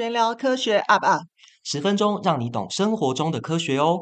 璿聊科學，Up Up，十分鐘讓你懂生活中的科學哦！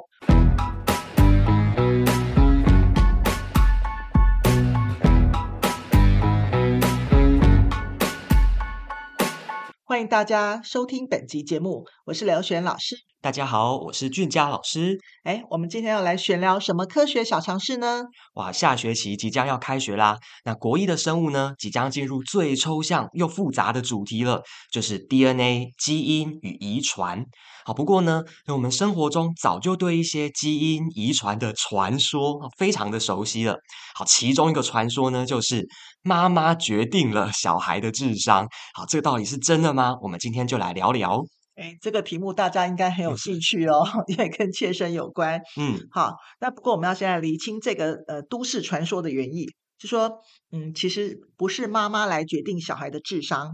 歡迎大家收聽本集節目，我是劉璿老師。大家好，我是俊佳老師。誒，我們今天要來璿聊什麼科學小常識呢？哇，下學期即將要開學啦。那國一的生物呢，即將進入最抽象又複雜的主題了，就是 DNA 基因與遺傳。好，不過呢，我們生活中早就對一些基因遺傳的傳說非常的熟悉了。好，其中一個傳說呢，就是媽媽決定了小孩的智商。好，這個到底是真的嗎？我們今天就來聊聊。哎，這個題目大家應該很有興趣哦，yes. 因為跟切身有關。嗯，好，那不過我們要先來釐清這個呃都市傳說的原意，就說，嗯，其實不是媽媽來決定小孩的智商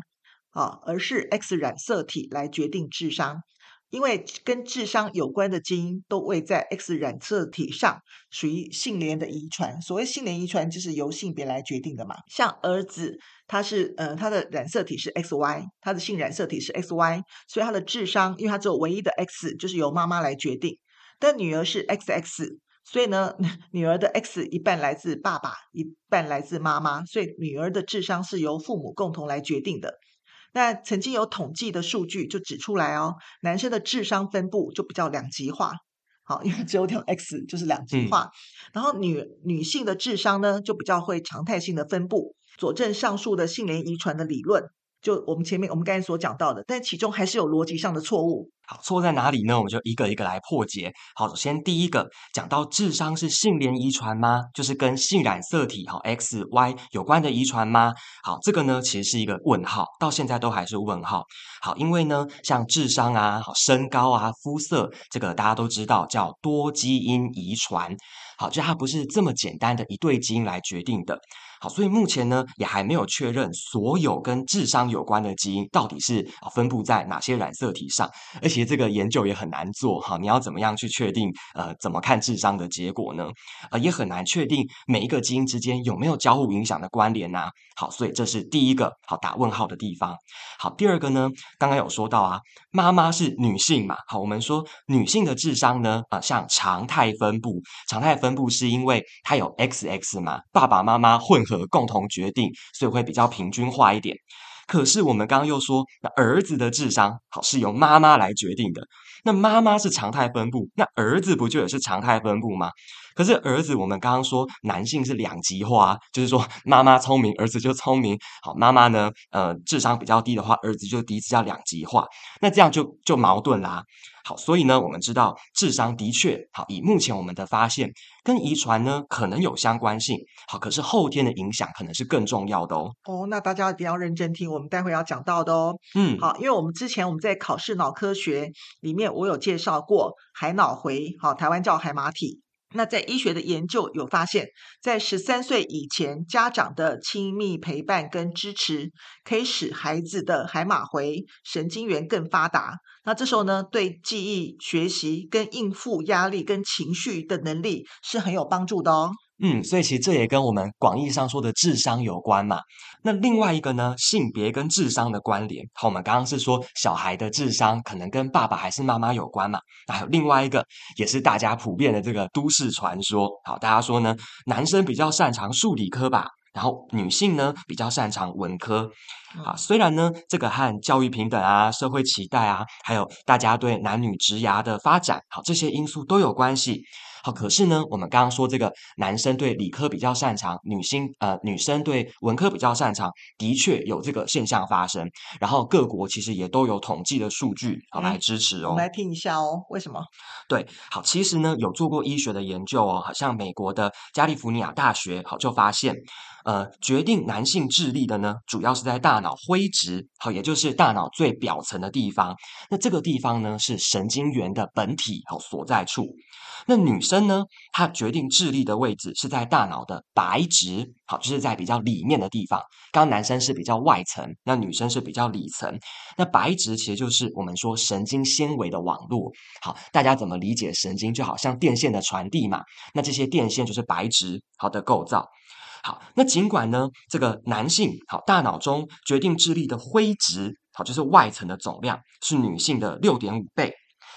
啊、哦，而是 X 染色體來決定智商。因為跟智商有關的基因都位在 X 染色體上，屬於性聯的遺傳。所謂性聯遺傳，就是由性別來決定的嘛。像兒子，他是呃他的染色體是 XY，他的性染色體是 XY，所以他的智商，因為他只有唯一的 X，就是由媽媽來決定。但女兒是 XX，所以呢，女兒的 X 一半來自爸爸，一半來自媽媽，所以女兒的智商是由父母共同來決定的。那曾經有統計的數據就指出來哦，男生的智商分布就比較兩極化，好，因為只有條 X 就是兩極化，嗯、然後女女性的智商呢就比較會常態性的分布，佐證上述的性聯遺傳的理論。就我們前面我們剛才所講到的，但其中還是有邏輯上的錯誤。好，錯在哪裡呢？我們就一個一個來破解。好，首先第一個講到智商是性聯遺傳嗎？就是跟性染色體，好，X、Y 有關的遺傳嗎？好，這個呢其實是一個問號，到現在都還是問號。好，因為呢像智商啊、好，身高啊、膚色這個大家都知道叫多基因遺傳，好，就它不是這麼簡單的一對基因來決定的。好，所以目前呢也還沒有確認所有跟智商有關的基因到底是分布在哪些染色體上，而且這個研究也很難做哈。你要怎麼樣去確定呃怎麼看智商的結果呢？呃，也很難確定每一個基因之間有沒有交互影響的關聯吶、啊。好，所以這是第一個好打問號的地方。好，第二個呢，剛剛有說到啊，媽媽是女性嘛，好，我們說女性的智商呢啊、呃、像常態分布，常態分布是因為它有 X X 嘛，爸爸媽媽混。可共同決定，所以會比較平均化一點。可是我們剛剛又說，那兒子的智商好是由媽媽來決定的，那媽媽是常態分布，那兒子不就也是常態分布嗎？可是兒子，我們剛剛說男性是兩極化，就是說媽媽聰明，兒子就聰明。好，媽媽呢，呃，智商比較低的話，兒子就低，這叫兩極化。那這樣就就矛盾啦。好，所以呢，我們知道智商的確好，以目前我們的發現，跟遺傳呢可能有相關性。好，可是後天的影響可能是更重要的哦。哦，那大家一定要認真聽，我們待會要講到的哦。嗯，好，因為我們之前我們在考試腦科學裡面，我有介紹過海腦回，好，台灣叫海馬體。那在醫學的研究有發現，在十三歲以前，家長的親密陪伴跟支持，可以使孩子的海馬迴神經元更發達。那這時候呢，對記憶、學習、跟應付壓力、跟情緒的能力是很有幫助的哦。嗯，所以其實這也跟我們廣義上說的智商有關嘛。那另外一個呢，性別跟智商的關聯，好，我們剛剛是說小孩的智商可能跟爸爸還是媽媽有關嘛。那還有另外一個，也是大家普遍的這個都市傳說，好，大家說呢，男生比較擅長數理科吧，然後女性呢，比較擅長文科。好，雖然呢，這個和教育平等啊、社會期待啊，還有大家對男女職涯的發展，好，這些因素都有關係。好，可是呢，我們剛剛說這個男生對理科比較擅長，女性呃女生對文科比較擅長，的確有這個現象發生。然後各國其實也都有統計的數據，好，來支持哦。嗯，我們來聽一下哦，為什麼？對，好，其實呢，有做過醫學的研究哦，好像美國的加利福尼亞大學好就發現，呃，決定男性智力的呢，主要是在大。大腦灰質，好，也就是大腦最表層的地方。那這個地方呢，是神經元的本體所在處。那女生呢，她決定智力的位置是在大腦的白質，好，就是在比較裡面的地方。剛剛男生是比較外層，那女生是比較裡層。那白質其實就是我們說神經纖維的網絡。好，大家怎麼理解神經？就好像電線的傳遞嘛。那這些電線就是白質好的構造。好，那儘管呢，這個男性，好，大腦中決定智力的灰質，好，就是外層的總量是女性的六點五倍，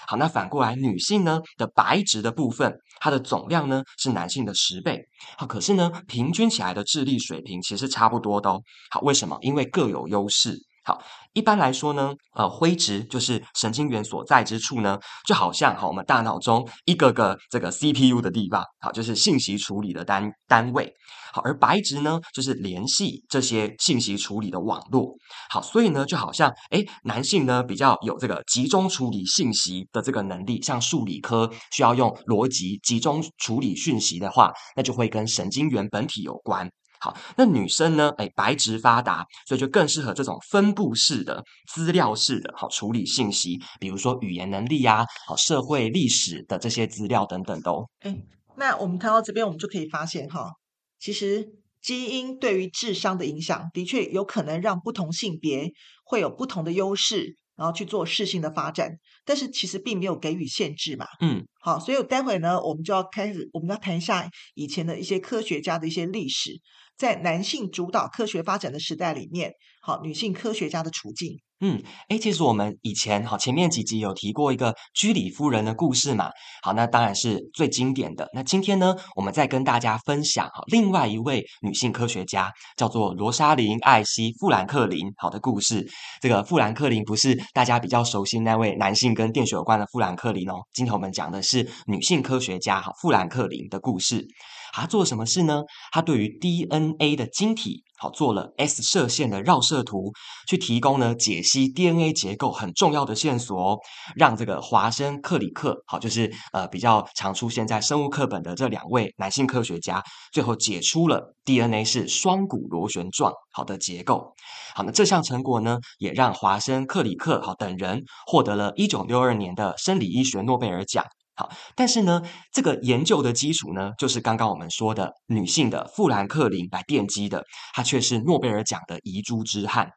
好，那反過來女性呢的白質的部分，它的總量呢是男性的十倍，好，可是呢平均起來的智力水平其實差不多的哦，好，為什麼？因為各有優勢。好，一般來說呢，呃，灰質就是神經元所在之處呢，就好像哈我們大腦中一個個這個 CPU 的地方，好，就是信息處理的單單位。好，而白質呢，就是聯繫這些信息處理的網絡。好，所以呢，就好像哎、欸，男性呢比較有這個集中處理信息的這個能力，像數理科需要用邏輯集，集中處理訊息的話，那就會跟神經元本體有關。好，那女生呢？哎、欸，白質發達，所以就更適合這種分布式的、資料式的，好處理信息，比如說語言能力啊，好社會歷史的這些資料等等都。哎、欸，那我們看到這邊，我們就可以發現哈，其實基因對於智商的影響，的確有可能讓不同性別會有不同的優勢。然後去做適性的發展，但是其實並沒有給予限制嘛。嗯，好，所以待會呢，我們就要開始，我們要談一下以前的一些科學家的一些歷史，在男性主導科學發展的時代裡面，好，女性科學家的處境。嗯誒，其實我們以前好前面幾集有提過一個居里夫人的故事嘛，好，那當然是最經典的。那今天呢，我們再跟大家分享哈，另外一位女性科學家叫做羅莎琳·艾希·富蘭克林，好的故事。這個富蘭克林不是大家比較熟悉那位男性跟電學有關的富蘭克林哦，今天我們講的是女性科學家哈富蘭克林的故事。他做什麼事呢？他對於 DNA 的晶體好做了 X 射線的繞射圖，去提供呢解析 DNA 結構很重要的線索哦。讓這個華生克里克好就是呃比較常出現在生物課本的這兩位男性科學家，最後解出了 DNA 是雙股螺旋狀好的結構。好，那這項成果呢，也讓華生克里克好等人獲得了一九六二年的生理醫學諾貝爾獎。好，但是呢，這個研究的基礎呢，就是剛剛我們說的女性的富蘭克林來奠基的，她卻是諾貝爾獎的遺珠之憾。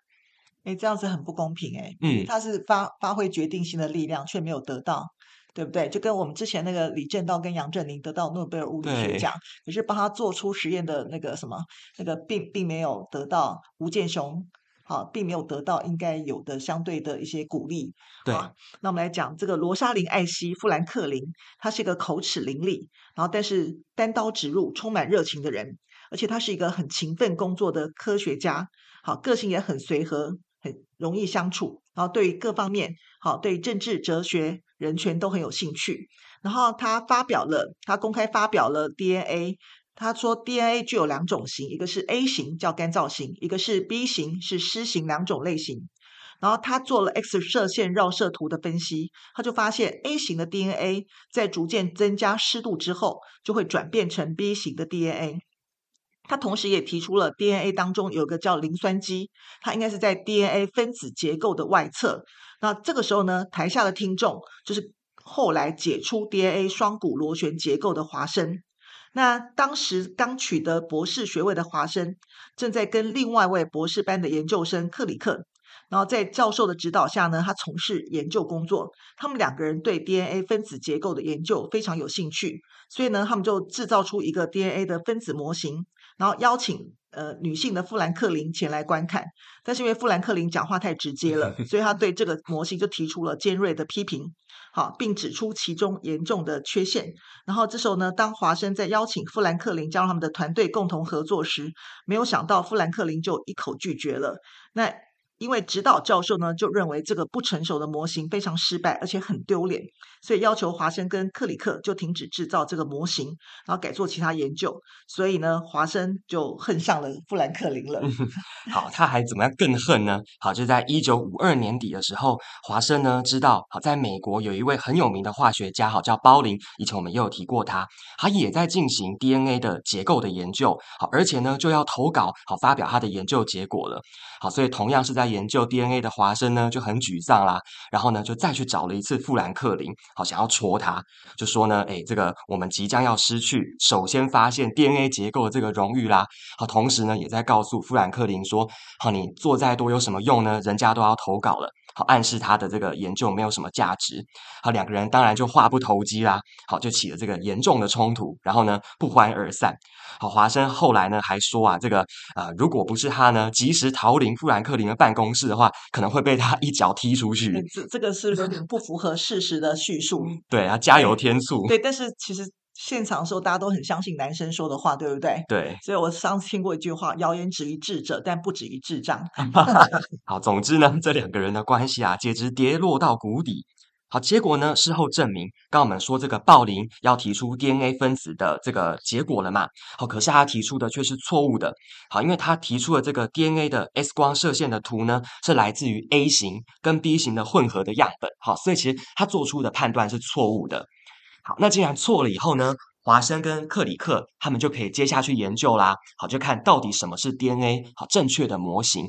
誒，這樣子很不公平誒，嗯，她是發發揮決定性的力量，卻沒有得到，對不對？就跟我們之前那個李政道跟楊振寧得到諾貝爾物理學獎，可是幫他做出實驗的那個什麼那個並並沒有得到吳健雄。好、啊，並沒有得到應該有的相對的一些鼓勵。對，啊、那我們來講這個羅莎琳·艾希·富蘭克林，他是一個口齒伶俐，然後但是單刀直入、充滿熱情的人，而且他是一個很勤奮工作的科學家。好、啊，個性也很隨和，很容易相處。然後對於各方面，好、啊，對政治、哲學、人權都很有興趣。然後他發表了，他公開發表了 DNA。他說，DNA 具有兩種型，一個是 A 型叫乾燥型，一個是 B 型是濕型兩種類型。然後他做了 X 射線繞射圖的分析，他就發現 A 型的 DNA 在逐漸增加濕度之後，就會轉變成 B 型的 DNA。他同時也提出了 DNA 當中有一個叫磷酸基，它應該是在 DNA 分子結構的外側。那這個時候呢，台下的聽眾就是後來解出 DNA 雙股螺旋結構的華生。那當時剛取得博士學位的華生，正在跟另外一位博士班的研究生克里克，然後在教授的指導下呢，他從事研究工作。他們兩個人對 DNA 分子結構的研究非常有興趣，所以呢，他們就製造出一個 DNA 的分子模型，然後邀請。呃，女性的富蘭克林前來觀看，但是因為富蘭克林講話太直接了， 所以他對這個模型就提出了尖銳的批評，好，並指出其中嚴重的缺陷。然後這時候呢，當華生在邀請富蘭克林加入他們的團隊共同合作時，沒有想到富蘭克林就一口拒絕了。那因為指導教授呢就認為這個不成熟的模型非常失敗，而且很丟臉，所以要求華生跟克里克就停止製造這個模型，然後改做其他研究。所以呢，華生就恨上了富蘭克林了。嗯、好，他還怎麼樣更恨呢？好，就在一九五二年底的時候，華生呢知道，好，在美國有一位很有名的化學家，好叫鮑林，以前我們也有提過他，他也在進行 DNA 的結構的研究，好，而且呢就要投稿，好發表他的研究結果了。好，所以同樣是在。研究 DNA 的華生呢就很沮喪啦，然後呢就再去找了一次富蘭克林，好想要戳他，就說呢，誒、欸，這個我們即將要失去首先發現 DNA 結構的這個榮譽啦，好，同時呢也在告訴富蘭克林說，好，你做再多有什麼用呢？人家都要投稿了。好，暗示他的這個研究沒有什麼價值。好，兩個人當然就話不投機啦。好，就起了這個嚴重的衝突，然後呢，不歡而散。好，華生後來呢還說啊，這個啊、呃，如果不是他呢及時逃離富蘭克林的辦公室的話，可能會被他一腳踢出去。這這個是有點不符合事實的敘述。 對啊，他加油添醋。對，但是其實。現場的時候，大家都很相信男生說的話，對不對？對，所以我上次聽過一句話：“謠言止於智者，但不止於智障。 ” 好，總之呢，這兩個人的關係啊，簡直跌落到谷底。好，結果呢，事後證明，剛我們說這個鮑林要提出 DNA 分子的這個結果了嘛？好，可是他提出的卻是錯誤的。好，因為他提出的這個 DNA 的 X 光射線的圖呢，是來自於 A 型跟 B 型的混合的樣本。好，所以其實他做出的判斷是錯誤的。好，那既然錯了以後呢，華生跟克里克他們就可以接下去研究啦。好，就看到底什麼是 DNA，好，正確的模型。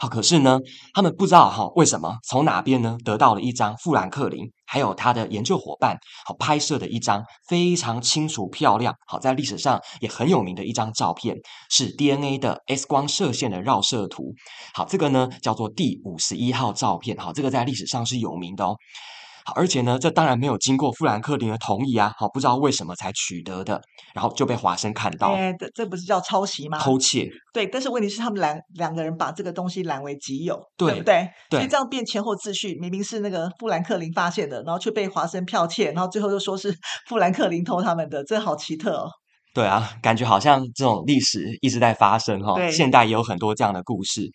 好，可是呢，他們不知道哈，為什麼從哪邊呢得到了一張富蘭克林還有他的研究夥伴，好，拍攝的一張非常清楚漂亮，好，在歷史上也很有名的一張照片，是 DNA 的 X 光射線的繞射圖。好，這個呢叫做第五十一號照片。好，這個在歷史上是有名的哦。而且呢，這當然沒有經過富蘭克林的同意啊！好，不知道為什麼才取得的，然後就被華生看到，這、欸，這不是叫抄襲嗎？偷竊。對，但是問題是，他們兩兩個人把這個東西攬為己有，對，對不對，對？所以這樣變前後秩序，明明是那個富蘭克林發現的，然後卻被華生剽竊，然後最後又說是富蘭克林偷他們的，這好奇特哦。對啊，感覺好像這種歷史一直在發生哈、哦。現代也有很多這樣的故事。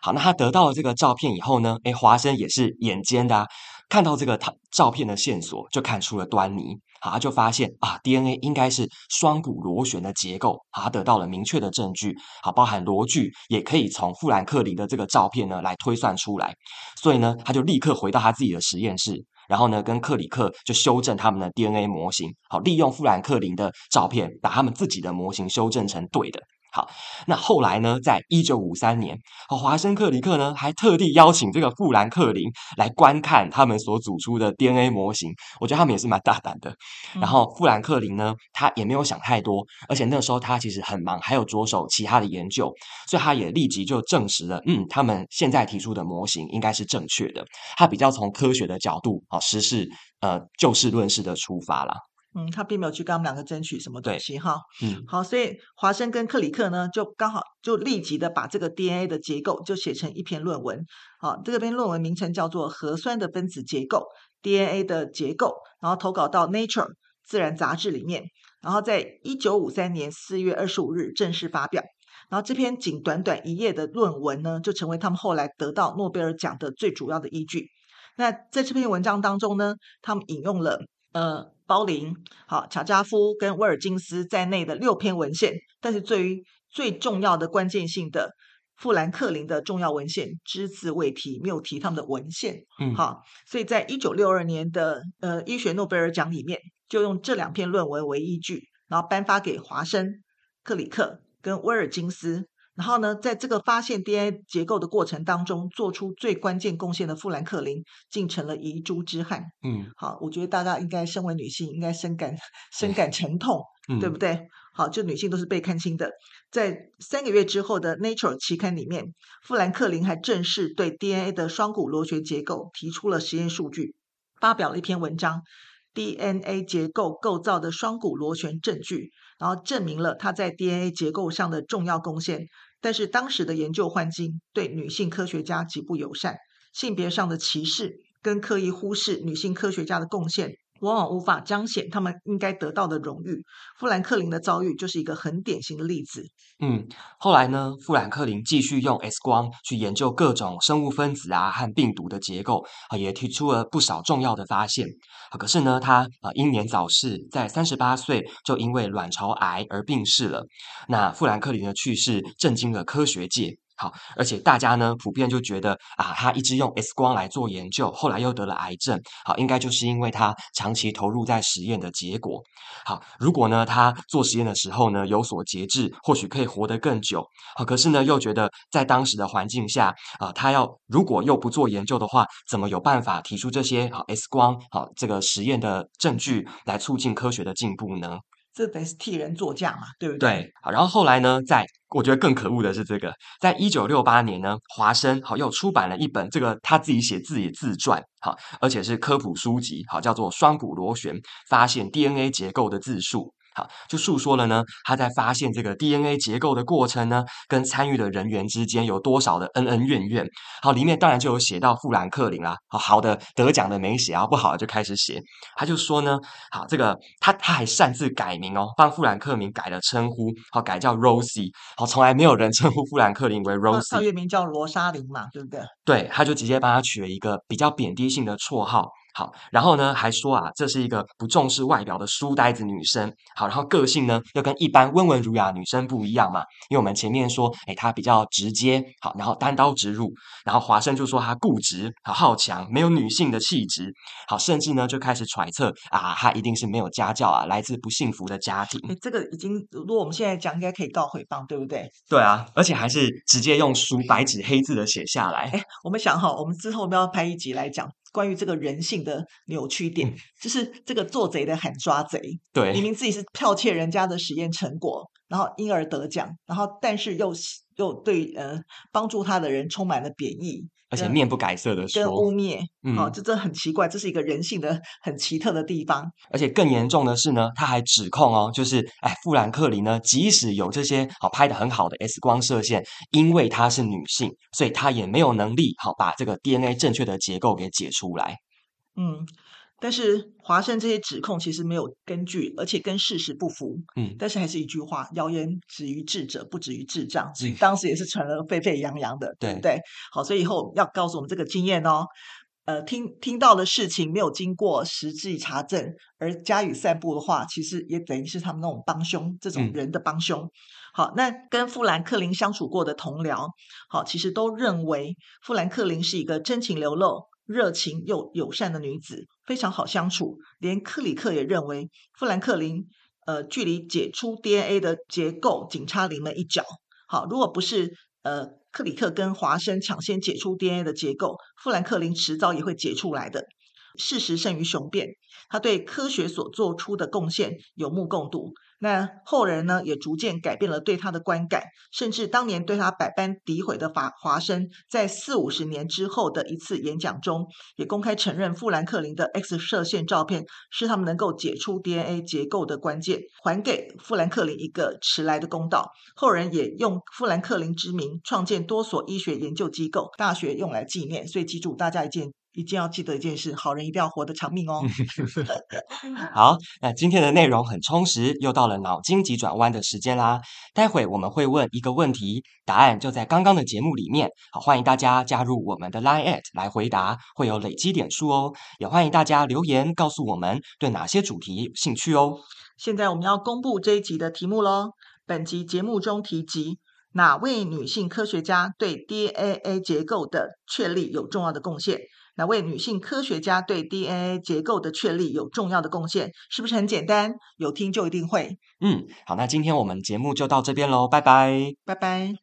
好，那他得到了這個照片以後呢？哎、欸，華生也是眼尖的啊。看到這個他照片的線索，就看出了端倪，他就發現啊，DNA 應該是雙股螺旋的結構，啊，得到了明確的證據，好，包含螺距也可以從富蘭克林的這個照片呢來推算出來，所以呢，他就立刻回到他自己的實驗室，然後呢，跟克里克就修正他們的 DNA 模型，好，利用富蘭克林的照片，把他們自己的模型修正成對的。好，那後來呢？在一九五三年，華生克里克呢還特地邀請這個富蘭克林來觀看他們所組出的 DNA 模型。我覺得他們也是蠻大膽的。嗯。然後富蘭克林呢，他也沒有想太多，而且那時候他其實很忙，還有着手其他的研究，所以他也立即就證實了，嗯，他們現在提出的模型應該是正確的。他比較從科學的角度啊，實事呃，就事論事的出發了。嗯，他並沒有去跟他們兩個爭取什麼東西哈，對。嗯，好，所以華生跟克里克呢，就剛好就立即的把這個 DNA 的結構就寫成一篇論文。好，這篇論文名稱叫做《核酸的分子結構》，DNA 的結構，然後投稿到 Nature 自然雜誌裡面，然後在一九五三年四月二十五日正式發表。然後這篇僅短短一頁的論文呢，就成為他們後來得到諾貝爾獎的最主要的依據。那在這篇文章當中呢，他們引用了呃。鮑林，好，喬加夫跟威爾金斯在內的六篇文獻，但是最最重要的關鍵性的富蘭克林的重要文獻只字未提，沒有提他們的文獻。嗯，好，所以在一九六二年的呃醫學諾貝爾獎裡面，就用這兩篇論文為依據，然後頒發給華生、克里克跟威爾金斯。然後呢，在這個發現 DNA 結構的過程當中，做出最關鍵貢獻的富蘭克林竟成了遺珠之憾。嗯，好，我覺得大家應該身為女性，應該深感深感沉痛、哎嗯，對不對？好，這女性都是被看輕的。在三個月之後的《Nature》期刊裡面，富蘭克林還正式對 DNA 的雙股螺旋結構提出了實驗數據，發表了一篇文章《DNA 結構構造的雙股螺旋證據》，然後證明了他在 DNA 結構上的重要貢獻。但是當時的研究環境對女性科學家極不友善，性別上的歧視跟刻意忽視女性科學家的貢獻。往往無法彰顯他們應該得到的榮譽。富蘭克林的遭遇就是一個很典型的例子。嗯，後來呢，富蘭克林繼續用 X 光去研究各種生物分子啊和病毒的結構，啊，也提出了不少重要的發現。啊，可是呢，他啊英年早逝，在三十八歲就因為卵巢癌而病逝了。那富蘭克林的去世震驚了科學界。好，而且大家呢普遍就覺得啊，他一直用 X 光來做研究，後來又得了癌症，好，應該就是因為他長期投入在實驗的結果。好，如果呢他做實驗的時候呢有所節制，或許可以活得更久。好，可是呢又覺得在當時的環境下啊，他要如果又不做研究的話，怎麼有辦法提出這些好 X 光好這個實驗的證據來促進科學的進步呢？這等於是替人作嫁嘛，對不對？對，好，然後後來呢，在我覺得更可惡的是這個，在一九六八年呢，華生好又出版了一本這個他自己寫自己的自傳，好，而且是科普書籍，好，叫做《雙股螺旋發現 DNA 結構的自述》。就訴說了呢，他在發現這個 DNA 結構的過程呢，跟參與的人員之間有多少的恩恩怨怨。好，裡面當然就有寫到富蘭克林啦。好，好的得獎的沒寫啊，不好的就開始寫。他就說呢，好，這個他他還擅自改名哦，幫富蘭克林改了稱呼，好改叫 Rosie，好，從來沒有人稱呼富蘭克林為 Rosie，化約名叫羅莎琳嘛，對不對？對，他就直接幫他取了一個比較貶低性的綽號。好，然後呢，還說啊，這是一個不重視外表的書呆子女生。好，然後個性呢，又跟一般溫文儒雅女生不一樣嘛？因為我們前面說，哎，她比較直接。好，然後單刀直入。然後華生就說她固執、好強，沒有女性的氣質。好，甚至呢，就開始揣測啊，她一定是沒有家教啊，來自不幸福的家庭。這個已經，如果我們現在講，應該可以告誹謗，對不對？對啊，而且還是直接用書白紙黑字的寫下來。哎，我們想好，我們之後我們要拍一集來講。關於這個人性的扭曲點，嗯，就是這個做賊的喊抓賊，對，明明自己是剽竊人家的實驗成果，然後因而得獎，然後但是又。又對呃幫助他的人充滿了貶義，而且面不改色的時候，跟污衊，嗯、哦，這這很奇怪，這是一個人性的很奇特的地方。而且更嚴重的是呢，他還指控哦，就是哎，富蘭克林呢，即使有這些好拍得很好的 X 光射線，因為她是女性，所以她也沒有能力好把這個 DNA 正確的結構給解出來。嗯，但是華生這些指控，其實沒有根據，而且跟事實不符。嗯，但是還是一句話：謠言止於智者，不止於智障。當時也是傳了沸沸揚揚的，對對？好，所以以後要告訴我們這個經驗哦。呃，聽聽到的事情沒有經過實際查證而加以散布的話，其實也等於是他們那種幫兇，這種人的幫兇、嗯。好，那跟富蘭克林相處過的同僚，好，其實都認為富蘭克林是一個真情流露，熱情又友善的女子，非常好相處。連克里克也認為，富蘭克林，呃，距離解出 DNA 的結構僅差臨門一腳。好，如果不是呃克里克跟華生搶先解出 DNA 的結構，富蘭克林遲早也會解出來的。事實勝於雄辯，他對科學所做出的貢獻有目共睹。那後人呢，也逐漸改變了對他的觀感，甚至當年對他百般詆毀的法華生，在四五十年之後的一次演講中，也公開承認富蘭克林的 X 射線照片是他們能夠解出 DNA 結構的關鍵，還給富蘭克林一個遲來的公道。後人也用富蘭克林之名創建多所醫學研究機構、大學用來紀念。所以記住大家一件。一定要記得一件事：好人一定要活得長命哦。 好，那今天的內容很充實，又到了腦筋急轉彎的時間啦。待會我們會問一個問題，答案就在剛剛的節目裡面。好，歡迎大家加入我們的 LINE@ 來回答，會有累積點數哦。也歡迎大家留言告訴我們對哪些主題有興趣哦。現在我們要公布這一集的題目嘍。本集節目中提及哪位女性科學家對 DNA 結構的確立有重要的貢獻？那位女性科學家對 DNA 結構的確立有重要的貢獻，是不是很簡單？有聽就一定會。嗯，好，那今天我們節目就到這邊嘍，拜拜，拜拜。